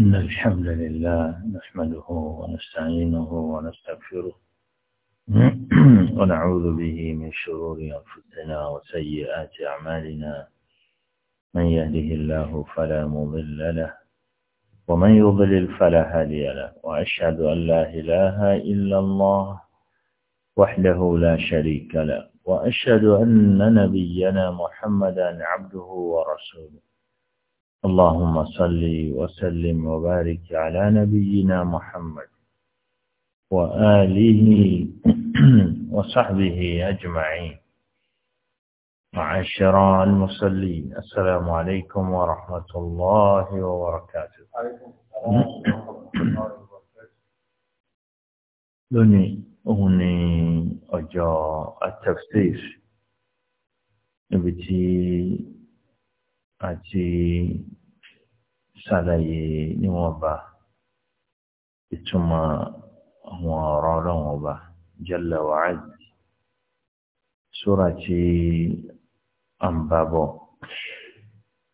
إن الحمد لله نحمده ونستعينه ونستغفره ونعوذ به من شرور أنفسنا وسيئات أعمالنا من يهده الله فلا مضل له ومن يضلل فلا هادي له وأشهد أن لا إله إلا الله وحده لا شريك له وأشهد أن نبينا محمدا عبده ورسوله اللهم صل وسلم وبارك على نبينا محمد وآله وصحبه أجمعين معاشر المصلين السلام عليكم ورحمة الله وبركاته لوني أغني أجاء التفسير نبتي أتي ṣàlàyé níwọ̀nba ìtumọ̀ àwọn ọ̀rọ̀ ọlọ́run ọba jalla wa azza sóra tí a ń bá bọ̀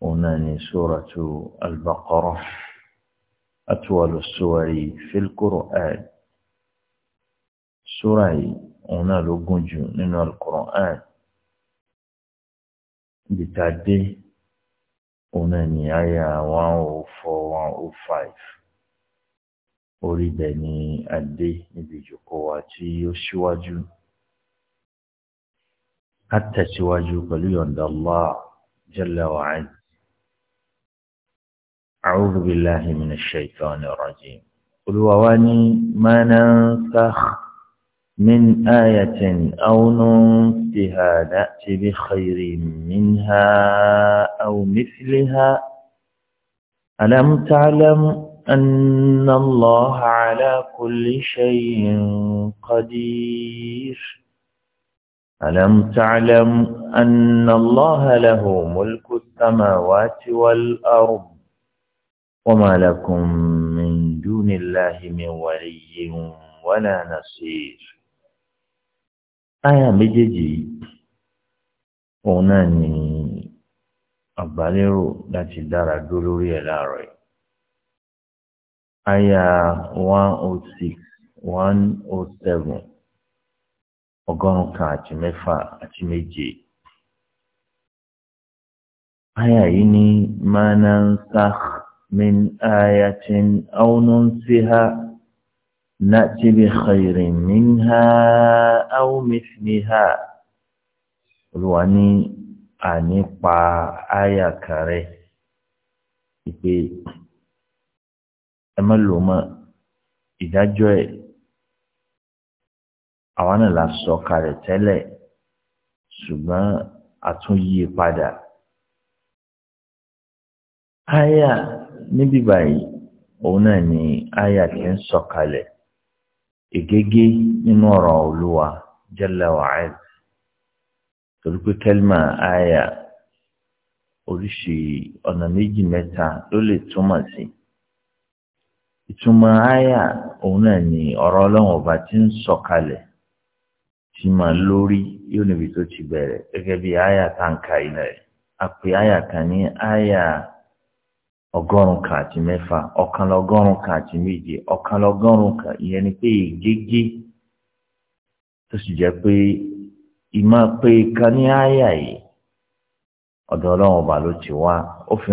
òun náà ni suratu al-Baqara atwalu suwari fil Qur'an sóra yìí òun náà ló gùn jù nínú al-Qur'an bìtàdé òun náà ní àyà one oh four one oh five orí bẹ̀ ni adé níbi ìjókòó wa tí ó ṣíwájú á tẹ̀síwájú pẹ̀lú yọ̀ǹda Allah jalla wa ala. أعوذ بالله من الشيطان الرجيم قل وواني ما ننسخ من آية أو ننسها نأتي بخير منها أو مثلها ألم تعلم أن الله على كل شيء قدير ألم تعلم أن الله له ملك السماوات والأرض وما لكم من دون الله من ولي ولا نصير táyà méjèèjì yìí òun náà ni àgbálérò láti dára dúró lórí ẹ̀ láàárọ̀ yìí. Aya one oh six oh ọgọ́rùn-ún kan àti mẹ́fà àti méje. Aya yìí ní máa ń sá min ayatin aw nunsiha. نأتي بخير منها أو مثلها Olúwa ní àní pa àyà kan rẹ̀ ìpè ẹ má lò mọ́ ìdájọ́ ẹ̀ àwa náà la sọ kalẹ̀ tẹ́lẹ̀ ṣùgbọ́n a tún yí i padà. Àyà níbí báyìí òun náà ni àyà tí ń sọ kalẹ̀. Egege nínú ọrọ olúwa jalla wa torí pé kẹ́límà aya oríṣi ọ̀nà méjì mẹ́ta ló lè túmọ̀ sí ìtumọ̀ òun náà ni ọ̀rọ̀ ọlọ́run ọba ti ń sọ̀kalẹ̀ ti máa lórí yóò níbi tó ti bẹ̀rẹ̀ gẹ́gẹ́ bí aya tá ń ka ilẹ̀ àpè kan ní Aya ọgọ́rùn-ún kan àti mẹ́fà ọ̀kanlọ́gọ́rùn-ún kan àti méje ọ̀kanlọ́gọ́rùn-ún kan ìyẹn ni pé ègégé tó sì jẹ́ pé ìmọ̀ pé kan ní àyà yìí ọ̀dọ̀ ọlọ́run ọba ló ti wá ó fi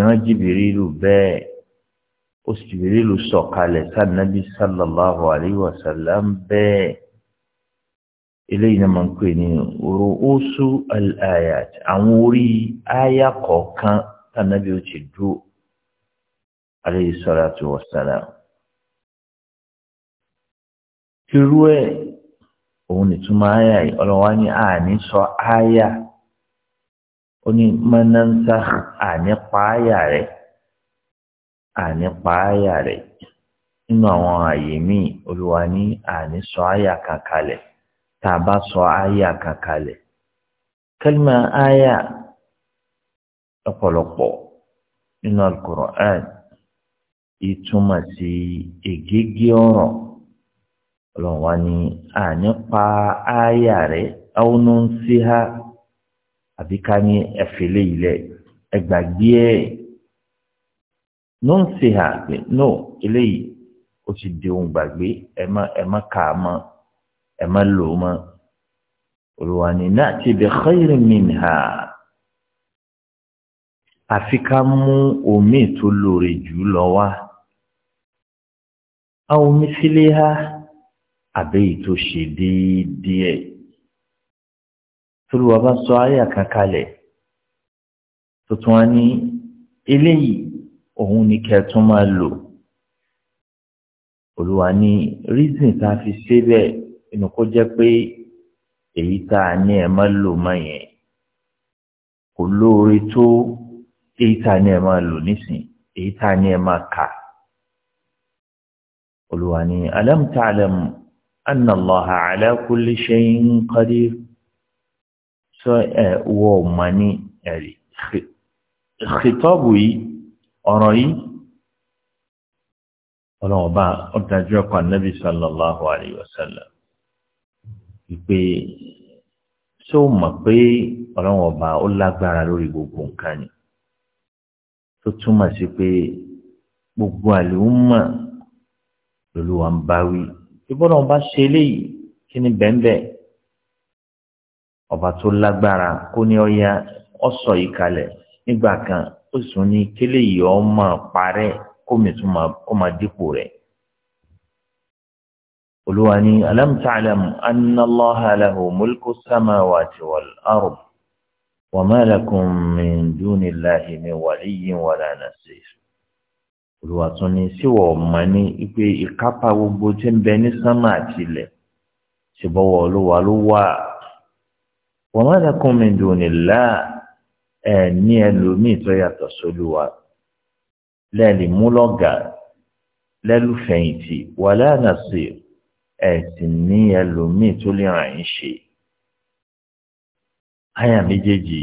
bẹ́ẹ̀ ó sì sọ̀kalẹ̀ sànàbí sallallahu alayhi wa sallam bẹ́ẹ̀ eléyìí náà máa ń pè ní al-ayat àwọn orí àyà kọ̀ọ̀kan sànàbí ó aleyhi salatu wa salam irú ẹ òun nìtúmọ̀ àyà yìí ọlọ́wọ́ ní àní sọ àyà ó ní mọ́nánsá àní pa àyà rẹ̀ àní pa àyà rẹ̀ nínú àwọn àyè míì olúwa ní àní sọ àyà kankalẹ̀ tá a bá sọ àyà kankalẹ̀ kálímà àyà ọ̀pọ̀lọpọ̀ nínú Al-Qur'an ìtumọ̀ sí ègégé ọ̀rọ̀ ọlọ́run wa ni àní pa ááyà rẹ̀ ọ̀nà ń ní ẹ̀fẹ̀lẹ̀ ilẹ̀ ẹgbàgbé ẹ̀ ló pé no eléyìí ó ti di ohun gbàgbé ẹ má ẹ má kà á mọ́ ẹ má lò ó mọ́ olùwà ni na'ti bi khayrin minha àfi ká mú omi tó lóore jù lọ wá àwọn omísíléhá àbẹ́yì tó ṣe déédéé ẹ̀ tolúwa bá sọ ayé àkàkalẹ̀ tuntun wa ní eléyìí òun ni kẹtún máa lò olúwa ní reason tá a fi ṣe bẹ́ẹ̀ inú kó jẹ́ pé èyí tá a ní ẹ̀ máa lò máa yẹn kò lóore tó èyí tá a ní ẹ̀ máa lò nísìn èyí tá a ní ẹ̀ máa kà olùwà ألم تعلم أن الله على كل شيء قدير qadir sọ ẹ wọ أرأي ní ẹ̀rí xitọ́bù yìí ọ̀rọ̀ yìí ọlọ́wọ́ bá ọ̀dájú ọkọ̀ anábì sallallahu alayhi wa sallam ìpè ṣé o mọ̀ pé ọlọ́wọ́ bá ó lágbára lórí gbogbo nǹkan ni tó túmọ̀ sí pé gbogbo àlùmọ̀ lolúwa ń bá wí ìbọ̀dọ̀ ọba ṣe eléyìí kí ni bẹ́ńbẹ́ ọba tó lágbára kó ní ọya ọ̀sọ̀ yìí kalẹ̀ nígbà kan ó sì ní kélé yìí ọ máa parẹ́ kó mi tún máa kó máa dípò rẹ̀. olúwa ni alam ta'lam mulku samawati wal ard wa ma lakum min dunillahi min olùwàtún ni síwọ̀ ọ̀mọ́ ní ipe gbogbo tí ń bẹ ní sánmà àti ilẹ̀ ṣùgbọ́wọ́ olúwa ló wà wa ma lakum min dunillah ẹ̀ ní ẹlòmíì tó yàtọ̀ sólúwa lẹ́ẹ̀lì múlọ́gà lẹ́lùfẹ̀yìntì wala nasir ẹ̀ sì ní ẹlòmíì tó lè ràn yín ṣe. àyà méjèèjì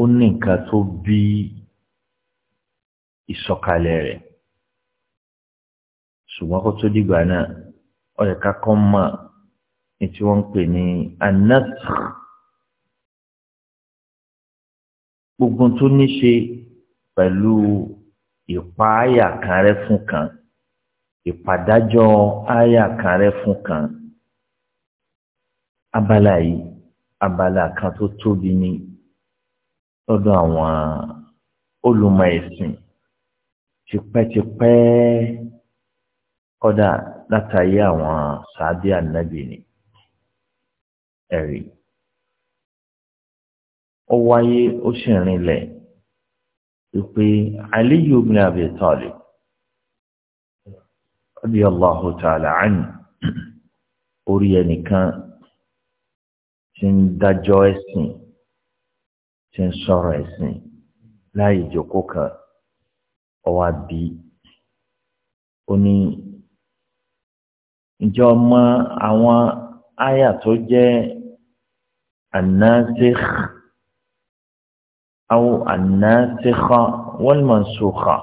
ó ní nǹkan tó ìsọ̀kalẹ̀ rẹ̀ ṣùgbọ́n kó tó dìgbà náà ó yẹ ká mọ̀ ní tí wọ́n ń pè ní anat gbogbo tó ní ṣe pẹ̀lú ìpáàyà kan rẹ fún kan ìpàdájọ́ àyà kan rẹ fún kan abala yìí abala kan tó tóbi ní lọ́dọ̀ àwọn olùmọ̀ ẹ̀sìn tipẹ́tipẹ́ kọ́dà látàrí àwọn sàábì ànábì ni ẹ̀rí ó wáyé ó sì rinlẹ̀ wípé Aliyu ibn Abi Talib radiyallahu ta'ala ani orí ẹnìkan tí ń dájọ́ ẹ̀sìn tí ń sọ̀rọ̀ ẹ̀sìn láì ọwọ́ àbí ó ní ìjọ mọ àwọn àyà tó jẹ́ annasikh aw annasikha wal mansukha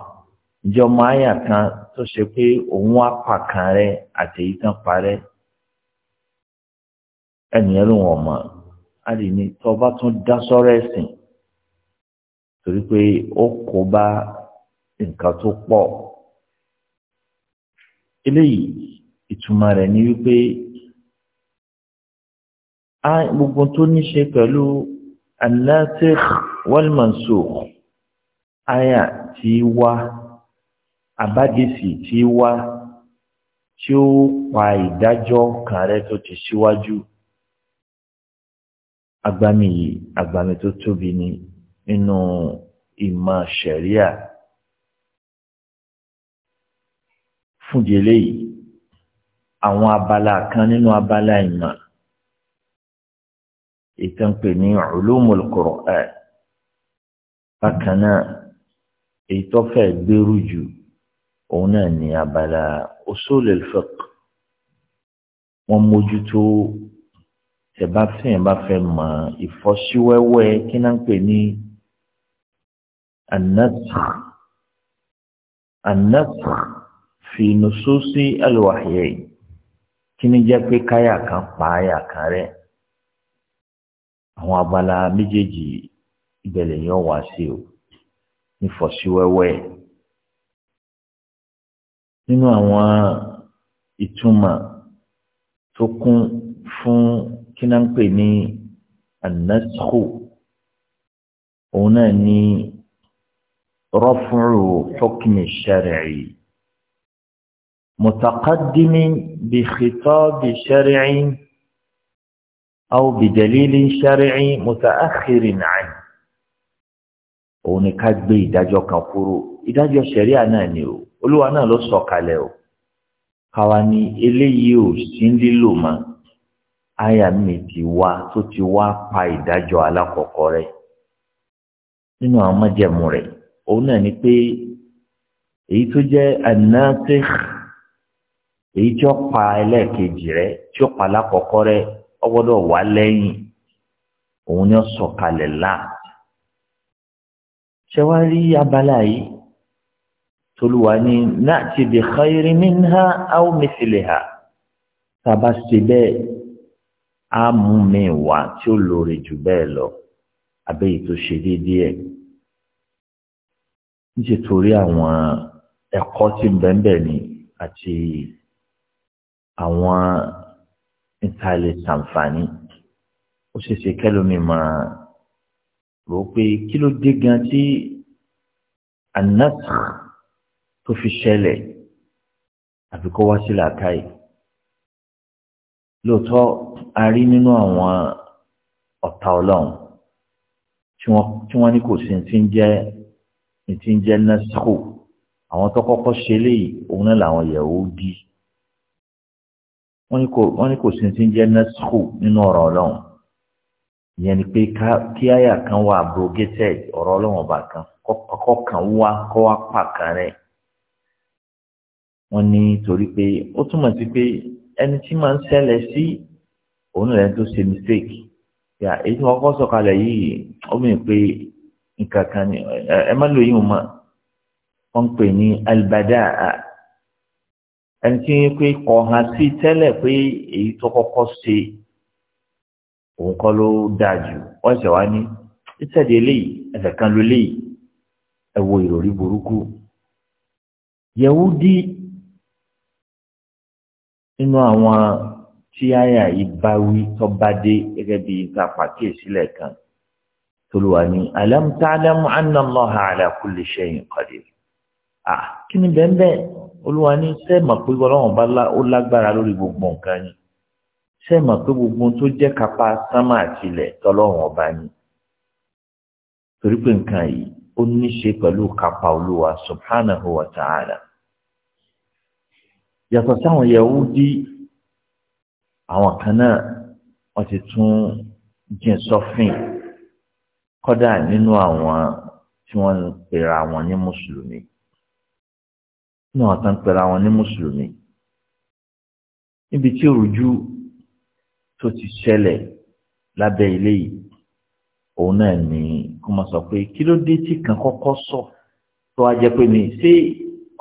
ìjọ mọ àyà kan tó ṣe pé òun wá pàkàn rẹ àtẹ̀yí kan parẹ́ ẹnìyẹn ló wọ̀n mọ́ a lè ní tún dá sọ́rọ̀ torí pé ó kó bá nǹkan tó pọ̀ eléyìí ìtumọ̀ rẹ̀ ni wípé a gbogbo tó ní ṣe pẹ̀lú an-nasikh wal-mansukh aya tí wá abádìsí tí wá tí ó pa ìdájọ́ kan rẹ̀ tó ti síwájú agbami yìí agbami tó tóbi ni nínú ìmọ̀ ṣẹ̀ríà. fún délé yìí àwọn abala kan nínú abala ìmọ̀ ìtàn pè ní ulumul Qur'an bákan náà èyí tó fẹ́ gbèrú jù òun náà ní abala usulul fiqh mójútó tẹ̀bá bá fẹ́ mọ ìfọ́síwẹ́wẹ́ kí náà pè ní an-nasakh fi nususi alwahyayi kí ni jẹ́ pé káyà kan pa àyà kan rẹ̀ àwọn abala méjèèjì ìbẹ̀lẹ̀ yóò wá sí o nífọ̀síwẹ́wẹ́ nínú àwọn ìtumọ̀ tó kún fún kí náà ń pè ní anasco òun náà ní rọ́fúnrù hukmi shar'i. متقدم بخطاب شرعي أو بدليل شرعي متأخر عنه òun ni ká gbé ìdájọ́ kan kúrò ìdájọ́ ṣẹ̀ríà náà ni o olúwa náà ló sọ kalẹ̀ o káwa ni eléyìí ò sí lílò mọ́ àyà mi ti wá tó ti wá pa ìdájọ́ alákọ̀ọ́kọ́ rẹ̀ nínú àwọn mọ́jẹ̀mú rẹ̀ òun náà ni pé èyí tó jẹ́ anasikh èyí tí ó pa ẹlẹ́ẹ̀kejì rẹ tí ó pa lákọ̀ọ́kọ́ rẹ ọ wá lẹ́yìn òun ni ó kalẹ̀ láà ṣe wá rí abala yìí tolúwa ni na'ti bi khayrin minha bá ṣe á mú mi wá tí ó lóore jù bẹ́ẹ̀ lọ tó ṣe déédéé àwọn ni àti. àwọn níta lè ṣàǹfààní ó ṣe ṣe kẹ́lómi máa rò ó pé kí ló dé gan tí anásà tó fi ṣẹlẹ̀ àfi kó wá sí làákàyè lóòótọ́ a rí nínú àwọn ọ̀tá ọlọ́run tí wọ́n ní kò sí ti ń jẹ́ ti ń jẹ́ násàkó àwọn tó kọ́kọ́ ṣe léyìí òun náà làwọn Yẹhudi wọ́n ní kò sínsín jẹ́ nẹ́sùkù nínú ọ̀rọ̀ ọlọ́run ìyẹn ni pé kí àyà kan wà abrogated ọ̀rọ̀ ọlọ́run ọba kan kọ́ kan wá kọ́ wá pa kan rẹ̀ wọ́n ní torí pé ó túmọ̀ sí pé ẹni tí máa ń ṣẹlẹ̀ sí òun rẹ̀ tó ṣe mistake yà èyí wọ́n kọ́ sọ̀kalẹ̀ yìí ó mìíràn pé nǹkan kan ẹ má lóyún mọ́ wọ́n ń pè ní alibada ẹni tí ń pé kọ̀ hàn sí tẹ́lẹ̀ pé èyí tó kọ́kọ́ ṣe òun kọ́ ló dáa jù wọ́n ṣe wá ní ìṣẹ̀dí eléyìí ẹsẹ̀ kan ló léyìí ẹ wo ìròrí burúkú Yẹhudi nínú àwọn tí àyà yìí bá tó bá dé gẹ́gẹ́ bí nǹkan pàkíyèsí lẹ́ẹ̀kan tolúwa ní alam ta'lam anna Allaha ala kí ni bẹ́ẹ̀ bẹ́ẹ̀ olúwa ní sẹ́ẹ̀mọ̀ pé ọlọ́run bá ó lágbára lórí gbogbo nǹkan yìí sẹ́ẹ̀mọ̀ pé gbogbo tó jẹ́ kápá sánmà àtìlẹ̀ tọ́lọ́run ọba ni torí pé nǹkan yìí ó ní ṣe pẹ̀lú kápá olúwa subhanahu wa ta'ala yàtọ̀ sáwọn Yahudi àwọn kan náà wọ́n ti tún jìn sọ́fìn kọ́dà nínú àwọn tí wọ́n ń pera wọn ní mùsùlùmí náà tán pẹ̀lú àwọn ní mùsùlùmí níbi tí òrùjú tó ti ṣẹlẹ̀ lábẹ́ ilé yìí òun náà ní kó máa sọ pé kí ló dé tí kan kọ́kọ́ sọ tó wá jẹ́ pé mi ṣé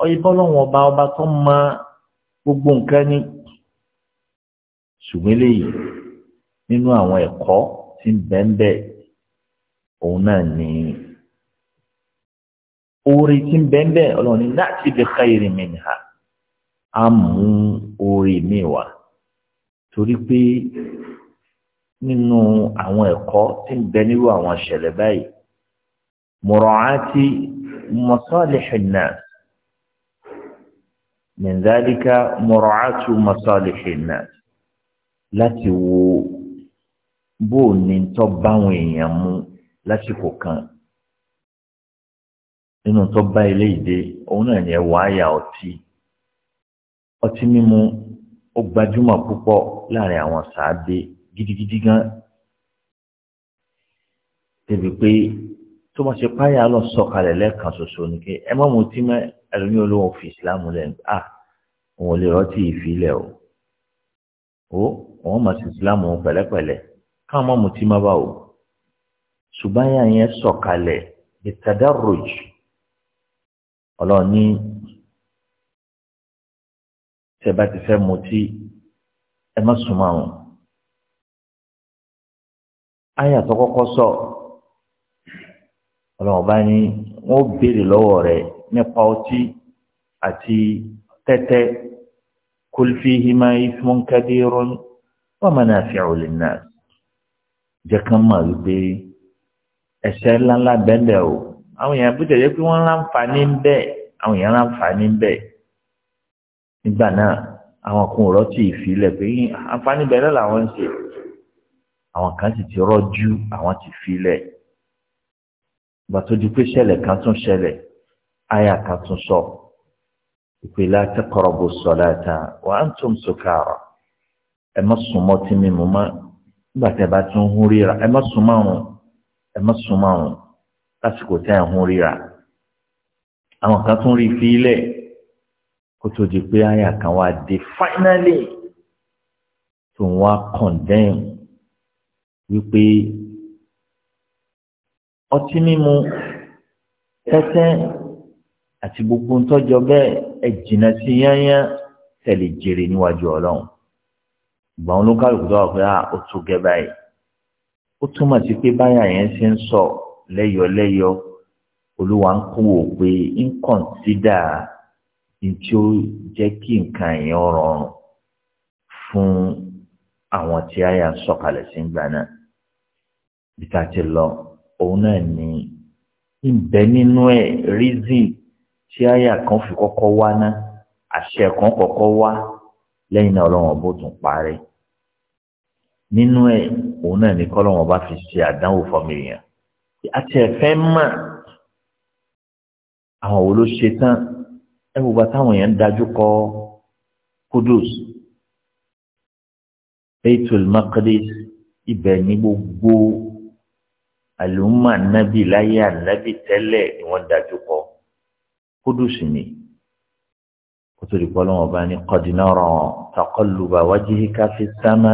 ọyẹ́bọ́ lọ́wọ́n ọba ọba tó mọ gbogbo nǹkan ní ṣùgbọ́n eléyìí nínú àwọn ẹ̀kọ́ tí ń bẹ́ẹ̀ bẹ́ẹ̀ òun náà ní oore tí ń bẹ́ẹ̀ bẹ́ẹ̀ ọlọ́run ní láti bi khairin minha á mú oore mi wá torí pé nínú àwọn ẹ̀kọ́ tí ń bẹ nírú àwọn ìṣẹ̀lẹ̀ báyìí mura'ati masalihin nas min dhalika mura'atu masalihin láti wo bóò ní tó báwọn èèyàn mú lásìkò kan nínú tó bá ilé ìdè òun náà ni ẹwà àyà ọtí ọtí mímu ó gbajúmọ̀ púpọ̀ láàrin àwọn sàádé gidigidi gan débi pé tó bá ṣe páyà lọ sọ̀kalẹ̀ lẹ́ẹ̀kan ṣoṣo ni pé ẹ má mu tí mẹ ẹlòmí olóhùn fi ìsìlámù lẹ à òun ò lè rọtí ìfilẹ o ó òun mà sí ìsìlámù pẹ̀lẹ́pẹ̀lẹ́ káwọn má mu tí má bá o ṣùgbọ́n àyà yẹn sọ̀kalẹ̀ ìtàdáròjì ọlọ́run ní tẹ́ bá ti fẹ́ mutí ẹ má sùn máa wọn. àyà tó kọ́kọ́ sọ ọlọ́run bá ní wọ́n béèrè lọ́wọ́ rẹ̀ nípa ọtí àti tẹ́tẹ́ kólfìhìmá ìfúnkadìrún wọ́n máa náà fi ọ̀lẹ́ náà jẹ́ ká máa wípé ẹ̀ṣẹ̀ ńláńlá bẹ́ẹ̀ o àwọn èèyàn bó tẹ̀lé pé wọ́n láǹfààní ń bẹ̀ àwọn èèyàn láǹfààní ń bẹ̀ nígbà náà àwọn kan ò rọ́tì ìfilẹ̀ pé àǹfààní bẹ̀ náà làwọn ń ṣe àwọn kan sì ti rọ́jú àwọn ti filẹ̀ ìgbà tó di pé ṣẹlẹ̀ kan tún ṣẹlẹ̀ àyà kan tún sọ ìpè la taqrabu salata wa antum sukara ẹ má súnmọ́ tí mímu mọ́ nígbà tí ẹ bá tún ń ríra ẹ má súnmọ́ àrùn ẹ má súnmọ́ àrùn lásìkò tí à ń hún ríra àwọn kan tún rí i fílẹ̀ kó tó di pé àyà kan wá dé fáínálì tó ń wá kọ̀ndẹ́m wípé ọtí mímu tẹ́tẹ́ àti gbogbo ntọ́jọ́ bẹ́ẹ̀ ẹ jìnnà sí yányá tẹ̀lé jèrè níwájú ọlọ́run ìgbà wọn ló kálukú tó wà pé ah, ó tó gẹ́ báyìí ó túmọ̀ sí pé báyà yẹn ṣe ń sọ. So lẹ́yọ̀lẹ́yọ̀ olúwa ń kú wò pé ń kọ̀ǹsídà ní tí ó jẹ́ kí nǹkan yẹn rọrùn fún àwọn tí a yà ń sọ̀kalẹ̀ sí gbà náà bí ká ti lọ òun náà ní ìbẹ nínú ẹ̀ rízìn tí àyà kan fi kọ́kọ́ wá ná àṣẹ kan kọ́kọ́ wá lẹ́yìn náà ọlọ́run ọbọ tún parẹ́ nínú ẹ̀ òun náà ní kọlọ́run ọba fi ṣe àdánwò fọmìlìyàn àti ẹ̀fẹ́ mà àwọn wo ló ṣe tán ẹ wò bá táwọn èèyàn ń dájú kọ Kudus Baitul Maqdis ibẹ̀ ní gbogbo àlùmọ́ ànábì láyé ànábì tẹ́lẹ̀ ni wọ́n dájú kọ Kudus ni kótó ìpọ́lọ́wọ́n bá ní qad nara taqalluba wajhika fi sama.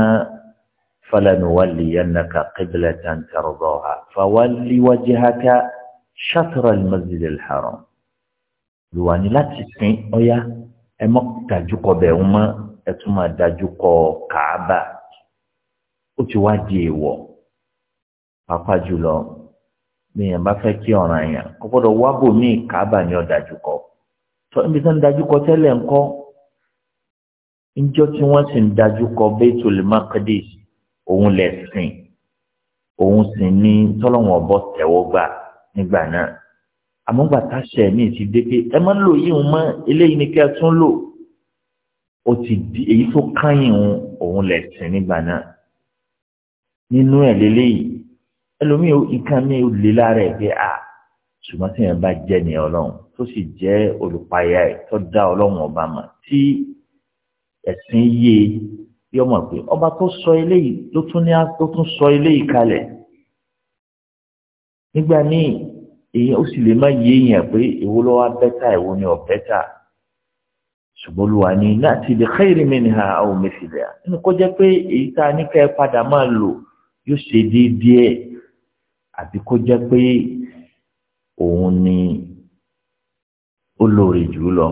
فلنولينك قبلة ترضاها فول وجهك شطر المسجد الحرام لواني لا تسمي أويا أما تجوكو بأوما أتما تجوكو كعبة أتواجه و pàápàá jùlọ bíyàn bá fẹ́ kí ọ̀ràn yẹn kò gbọ́dọ̀ wá ní kàábà ni ọ̀dájú kọ tó níbi tí wọ́n ń dájú kọ tẹ́lẹ̀ ńkọ́ níjọ́ tí wọ́n sì ń dájú kọ Baitul Maqdis òun lẹ̀sìn òun sì ní tọ́lọ́wọ̀n ọ̀bọ tẹ̀wọ́ gbà nígbà náà àmọ́gbà táṣẹ mi ti dé pé ẹ máa ń lò yíyún mọ́ eléyìí ni kí ẹ tún lò ó ti di èyí tó káyìn òun òun lẹ̀sìn nígbà náà nínú ẹ̀ lélẹ́yìí ẹlòmíì nǹkan mi ò lè lára ẹ̀ pé a ṣùgbọ́n tí yẹn bá jẹ́ ni ọlọ́run tó sì jẹ́ olùpayà ẹ̀ tó dá ọlọ́run ọba mọ̀ tí ẹ̀sìn yé yóò mọ̀ pé ọba tó sọ eléyìí ló tún ní ló tún sọ eléyìí kalẹ̀ nígbà míì èèyàn ó sì lè má yé èèyàn pé èwo ló wá bẹ́tà èwo ni ò bẹ́tà ṣùgbọ́n olúwa ni láti lè khayri minha aw mithliha nínú kó jẹ́ pé èyí tá a ní ká ẹ padà máa lò yóò ṣe déédéé àbí kó jẹ́ pé òun ni ó lóore jù lọ.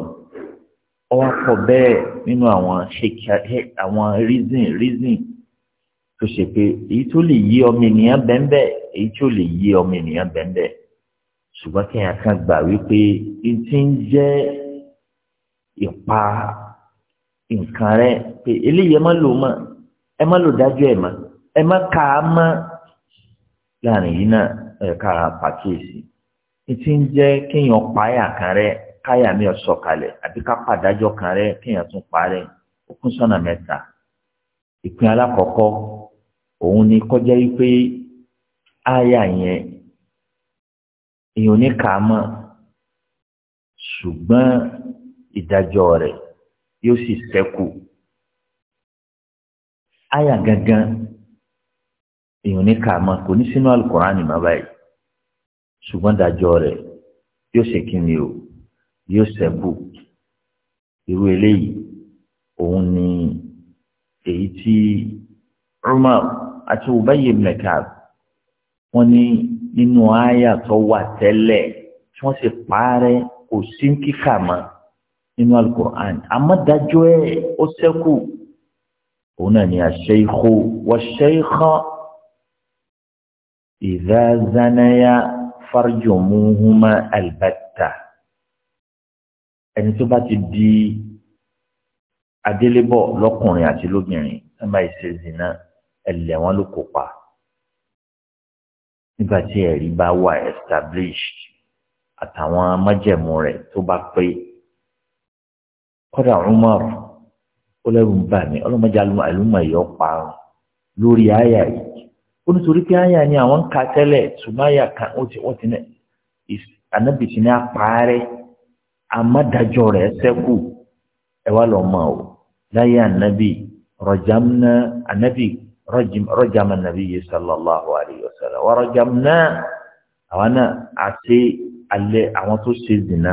ọwọ́ pọ̀ bẹ́ẹ̀ nínú àwọn àwọn reason reason tó ṣe pé èyí tó lè yí ọmọ ènìyàn bẹ́ẹ̀ èyí tó lè yí ọmọ ènìyàn bẹ́ẹ̀ ṣùgbọ́n kí ẹ̀yàn kan gbà wípé n ti ń jẹ́ ìpa nǹkan rẹ pé eléyìí ẹ má lò mọ́ ẹ má lò dájú ẹ̀ ẹ má kà á láàrin yìí náà pàkíyèsí n ti ń jẹ́ kéèyàn káyà mi ò sọ̀kalẹ̀ àbí ká pàdájọ́ kan rẹ kéèyàn tún parẹ́ ó kún sọ́nà mẹ́ta ìpín alákọ̀ọ́kọ́ òun ni kọjá wípé pé yẹn èèyàn ní kà á mọ̀ ṣùgbọ́n ìdájọ́ rẹ̀ yóò sì ṣẹ́kù gangan èèyàn ní kà á mọ̀ kò ní sínú ṣùgbọ́n ìdájọ́ rẹ̀ yóò ṣe kí ni o. yóò ṣẹ́kù irú eléyìí òun ni èyí tí Umar àti Ubayy ibn Ka'b wọ́n ní nínú àyà tó wà tẹ́lẹ̀ tí wọ́n sì parẹ́ kò sí kíkà mọ́ nínú alukur'an amádájọ́ ẹ̀ ó ṣẹ́kù òun náà ni ash-shaykhu wash-shaykha idha zanaya farjumuhuma albatta ẹni tó bá ti di adélébọ̀ lọ́kùnrin àti lóbìnrin ẹ máa ṣe zina ẹlẹ́ wọn ló pa nígbà tí ẹ̀rí bá wà established àtàwọn májẹ̀mú rẹ̀ tó bá pé kọ́dà Umar ó lẹ́rù ń bà mí ọlọ́mọdé àlùmọ̀ ẹ̀yọ́ lórí àyà yìí ó nítorí pé àyà ni àwọn ń ka tẹ́lẹ̀ ṣùgbọ́n àyà kan ó ti wọ́n ti ní ànábìsí ní apá rẹ̀ àmọ́dájọ́ rẹ̀ sẹ́kù ẹ wá lọ mọ̀ o láyé ànábì rọjàmná ànábì rọjàmá nàbí yìí sallallahu alayhi wa sallam wà rọjàmná àwọn náà àti alẹ́ àwọn tó ṣe zìnnà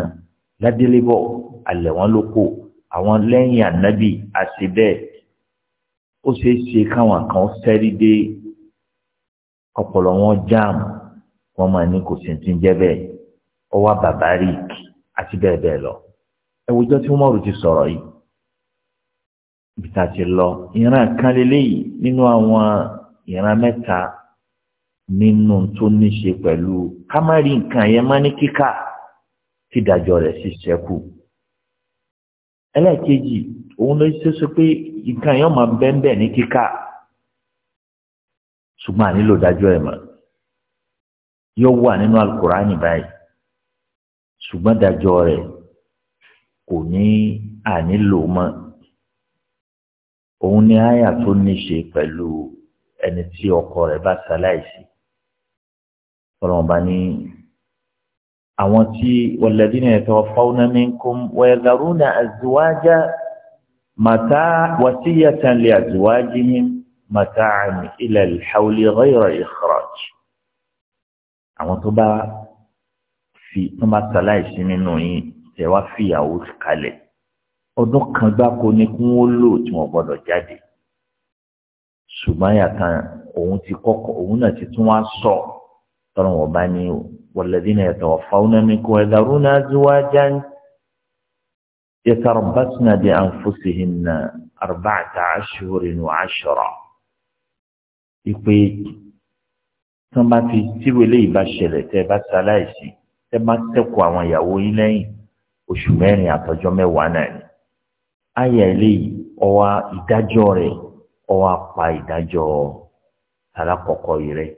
ládélébọ̀ alẹ́ wọn ló kó àwọn lẹ́yìn ànábì àti bẹ́ẹ̀ ó ṣeé ṣe káwọn kan sẹ́rí dé ọpọlọ wọn jáàmù wọn máa ní kò sí ti ń jẹ́ bẹ́ẹ̀ bàbá ríkì àti bẹ́ẹ̀ bẹ́ẹ̀ lọ ẹwùjọ tí Umaru ti sọ̀rọ̀ yìí ibi tá a ti lọ ìran kan lélẹ́yìí nínú àwọn ìran mẹ́ta nínú tó ní ṣe pẹ̀lú ká má rí nǹkan yẹn má ní kíkà tí ìdájọ́ rẹ̀ sì ṣẹ́kù ẹlẹ́ẹ̀kejì òun ló ṣe sọ pé nǹkan yẹn máa bẹ́ńbẹ́ ní kíkà ṣùgbọ́n ànílò dájọ́ ẹ̀ mọ́ yóò wà nínú alukur'ani báyìí ṣùgbọ́n dájọ́ rẹ̀ kò ní ànílò mọ́ òun ni àyà tó ní ṣe pẹ̀lú ẹni tí ọkọ rẹ̀ bá ṣaláìsí ọlọ́run bá ní àwọn tí walladhina yatawaffawna minkum wa yadharuna azwaja mata wasiyatan li azwajihim mata'an ila al-hawli ghayra ikhraj àwọn tó bá fi tó bá ṣaláìsí nínú yín ẹ wá fìyàwó kalẹ̀ ọdún kan gbáko ni kí wọ́n lò tí wọ́n gbọ́dọ̀ jáde ṣùgbọ́n yàtàn òun ti kọ́kọ́ òun náà ti tún wá sọ tọ́lọ́ wọn bá ní walladhina yatawaffawna minkum yadharuna azwajan yatarabbasna bi anfusihinna arba'ata ashhurin wa 'ashra ìpè tí wọ́n bá fi tíwèlé ìbáṣẹlẹ̀ tẹ́ bá ṣaláìsí tẹ bá tẹkọ àwọn ìyàwó yín lẹ́yìn oṣù mẹ́rin àtọjọ́ mẹ́wàá náà ni àyà eléyìí ọwa ìdájọ́ rẹ̀ ọwa pa ìdájọ́ alákọ̀ọ́kọ́ yìí rẹ̀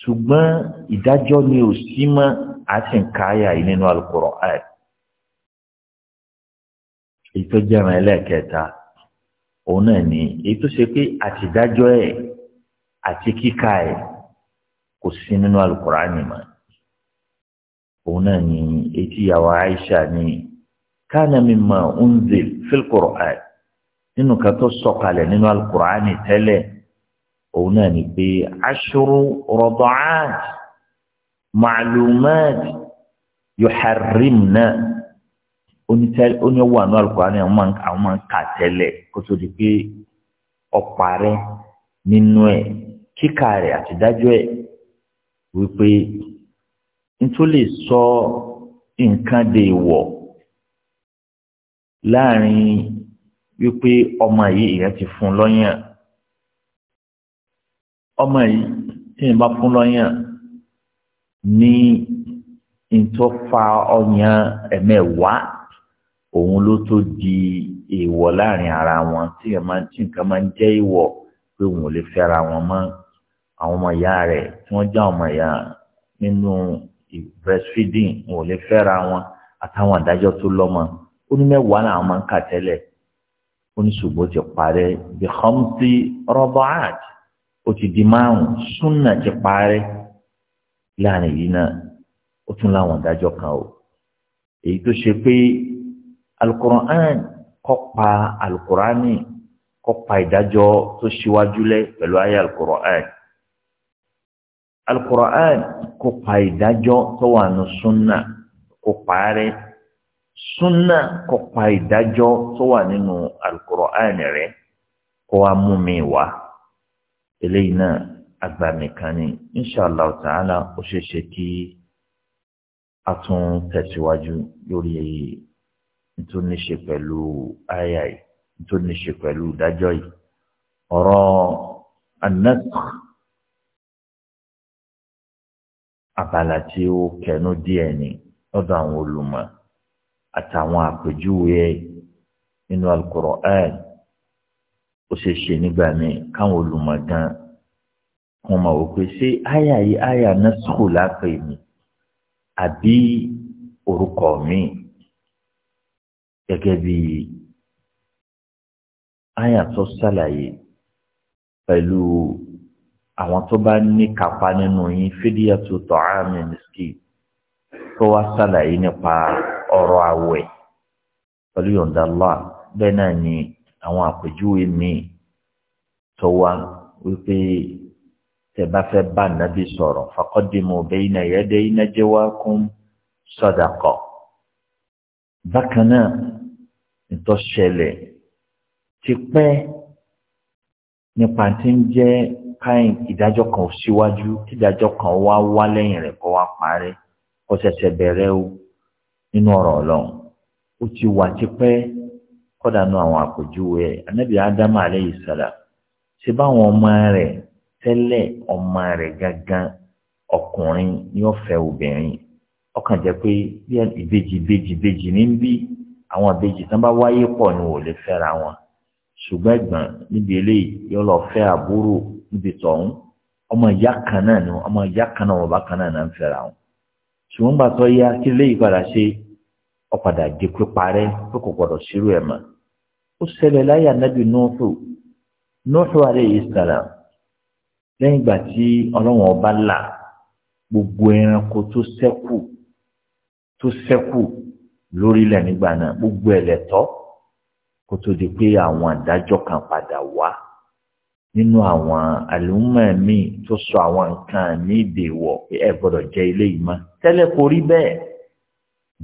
ṣùgbọ́n ìdájọ́ ni ò sí mọ́ àti nǹka àyà yìí nínú Al-Qur'an èyí tó jẹrán ẹlẹ́ẹ̀kẹta òun náà ni èyí tó ṣe pé àtìdájọ́ ẹ̀ àti kíkà ẹ̀ kò sí nínú Al-Qur'an nìmọ̀ òun náà ní etí ìyàwó Aisha ní kana mimma unzil fil Qur'an nínú kan tó sọ̀kalẹ̀ nínú alukur'ani tẹ́lẹ̀ òun náà ní pé ashru radaat ma'lumat yuharrimna oníwà nínú alukur'ani àwọn máa ń kà tẹ́lẹ̀ kó tó di pé ọ̀parẹ́ nínú ẹ̀ kíkà rẹ̀ àtidájọ́ ẹ̀ wípé nítorí lè sọ nǹkan dè wọ̀ láàrin wípé ọmọ yìí èèyàn ti fún lọ́yàn ọmọ yìí tí èèyàn bá fún lọ́yàn ní ntọ́fà ọ̀yàn ẹ̀mẹ́wàá òun ló tó di èèwọ̀ láàrin ara wọn tí nǹkan máa ń jẹ́ èèwọ̀ pé òun ò lè fẹ́ ara wọn mọ́ àwọn ọmọ ìyá rẹ̀ tí wọ́n já ọmọ ìyá nínú breastfeeding wọn ò lè fẹ́ra wọn àtàwọn àdájọ́ tó lọ́mọ ó ní mẹ́wàá làwọn máa ń kà tẹ́lẹ̀ ó ní ṣùgbọ́n ti parẹ́ bí xọ́mùtì rọ́bọ̀t ó ti di márùn-ún súnà ti parẹ́ láàrin yìí náà ó tún láwọn àdájọ́ kan o èyí tó ṣe pé alukoran kọ́pa alukorani kọ́pa ìdájọ́ tó ṣíwájú lẹ̀ pẹ̀lú ayé alukoran alukur'an kò pa ìdájọ́ tó wà nù súnà kò parẹ́ súnà kò pa ìdájọ́ tó wà nínú alukur'an rẹ̀ kó wa mú mi wá eléyìí náà agbami kan ní inshàlá ta'ala ó ṣe ṣe kí a tẹ̀síwájú lórí tó ní ṣe pẹ̀lú àyà yìí tó ní ṣe pẹ̀lú ìdájọ́ yìí ọ̀rọ̀ anasakh abala tí ó kẹnu díẹ̀ ni lọ́dọ̀ àwọn olùmọ̀ àtàwọn àpèjúwe nínú Al-Qur'an ó ṣe ṣe nígbà míì káwọn olùmọ̀ gan wọn mọ̀ wò ṣé àyà yìí àyà náà sùkúù lápè mi àbí orúkọ míì gẹ́gẹ́ bí àyà tó ṣàlàyé pẹ̀lú. àwọn tó bá ní kápá nínú yín fídíyàtú tọ́ámì mìsíkì tó wá sàlàyé nípa ọ̀rọ̀ àwẹ̀ pẹ̀lú yọ̀ǹda lọ́à bẹ́ẹ̀ náà ni àwọn àpèjúwe míì tó wá wípé tẹ́ bá fẹ́ bá nàbí sọ̀rọ̀ fàkọ́dìmọ̀ bẹ́yìn náà yẹ́dẹ́ iná jẹ́wọ́ kún sọ́dàkọ̀ bákan náà nítọ́ ṣẹlẹ̀ ti pẹ́ nípa tí ń jẹ́ káyìn ìdájọ́ kan ò síwájú kí ìdájọ́ kan wá wá lẹ́yìn rẹ̀ kó wá parẹ́ kó ṣẹ̀ṣẹ̀ bẹ̀rẹ̀ o nínú ọ̀rọ̀ ọlọ́run ó ti wà tipẹ́ kódà nu àwọn àpèjúwe ẹ̀ anábì ádámù alayhi salam ṣe báwọn ọmọ rẹ̀ tẹ́lẹ̀ ọmọ rẹ̀ gangan ọkùnrin ni ó fẹ́ obìnrin ọkàn jẹ́ pé bí ìbejì ìbejì ìbejì ní bí àwọn ìbejì tán bá wáyé pọ̀ ni wò lè fẹ́ra wọn ṣùgbọ́n ẹ̀gbọ́n níbi eléyìí yóò lọ fẹ́ àbúrò níbi tọ̀hún ọmọ ìyá kan náà ni wọn ọmọ ìyá kan náà wọn bá kan náà náà ń fẹ́ra wọn ṣùgbọ́n gbà tó yá kí lè padà ṣe ọ̀padà di píparẹ́ tó kò gbọdọ̀ ṣírú ẹ̀ mọ́ ó ṣẹlẹ̀ láyé anábì nọ́ọ̀fù nọ́ọ̀fù alayhi salam lẹ́yìn ìgbà tí ọlọ́wọ́n ọba là gbogbo ẹranko nígbà náà gbogbo ẹ̀lẹ́tọ́ kó di pé àwọn àdájọ́ kan padà wá nínú àwọn àlùmọ̀ mi tó sọ àwọn nǹkan ní ìdèwọ̀ pé ẹ gbọ́dọ̀ jẹ ilé yìí mọ́ tẹ́lẹ̀ kò rí bẹ́ẹ̀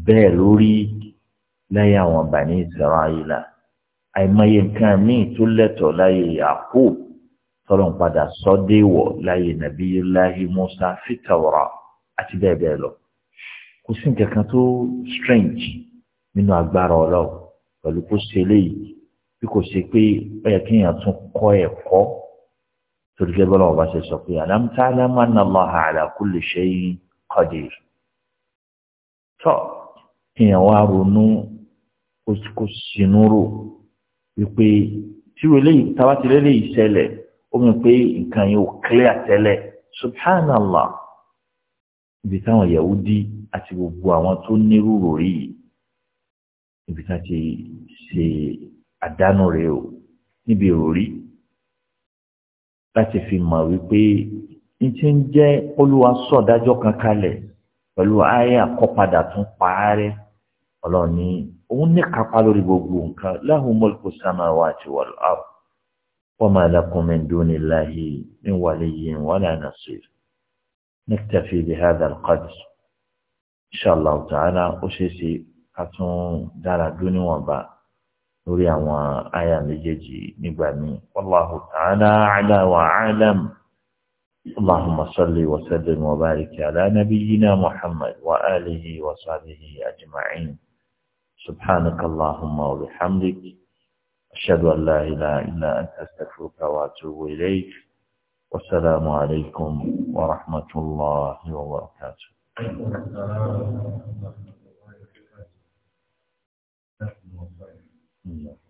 bẹ́ẹ̀ ló rí láyé àwọn Bani Israila àìmọye nǹkan míì tó lẹ́tọ̀ọ́ láyé Yakub tọ́lọ́n padà sọ́déwọ̀ láyé Nabiyullahi Musa fi àti bẹ́ẹ̀ bẹ́ẹ̀ lọ kò sí nǹkan kan tó strange nínú agbára Ọlọ́run pẹ̀lú kó ṣe eléyìí bí kò ṣe pé ó yẹ kéèyàn tún kọ́ ẹ̀kọ́ torí ọba ṣe sọ pé ala kulli shay'in qadir tọ́ kéèyàn wá ronú kó sinú rò wípé tí eléyìí tábà ti lélẹ́yìí ṣẹlẹ̀ ó mú pé nǹkan yìí ò ibi táwọn Yahudi àti gbogbo àwọn tó nírú rò rí ibi tá ti ṣe. àdánù rẹ̀ o níbi ìròrí láti fi mọ̀ wípé n ti ń jẹ́ olúwa sọ̀dájọ́ kan kalẹ̀ pẹ̀lú ayé àkọ́padà tún pa á rẹ́ ọlọ́run ní òun ní kápá lórí gbogbo nǹkan lahu mulku samawati wal ard wa ma lakum min dunillahi min waliyyin wala nasir naktafi bi hadha al-qadr insha Allah ta'ala ó ṣeé ṣe ká tún dára dúníwọ̀n bá a. lórí àwọn àyà méjèèjì nígbà míì wallahu ta'ala a'la اللهم صل وسلم وبارك على نبينا محمد وآله وصحبه أجمعين سبحانك اللهم وبحمدك أشهد أن لا إله إلا أنت أستغفرك وأتوب إليك والسلام عليكم ورحمة الله وبركاته Thank you. Yeah.